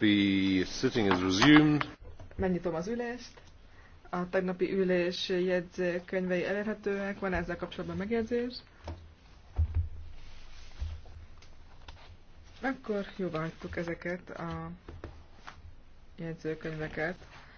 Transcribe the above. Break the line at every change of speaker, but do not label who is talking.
The sitting is resumed.
Megnyitom az ülést. A tegnapi ülés jegyzőkönyvei elérhetőek. Van ezzel kapcsolatban megjegyzés? Akkor jóvá hagytuk ezeket
a jegyzőkönyveket.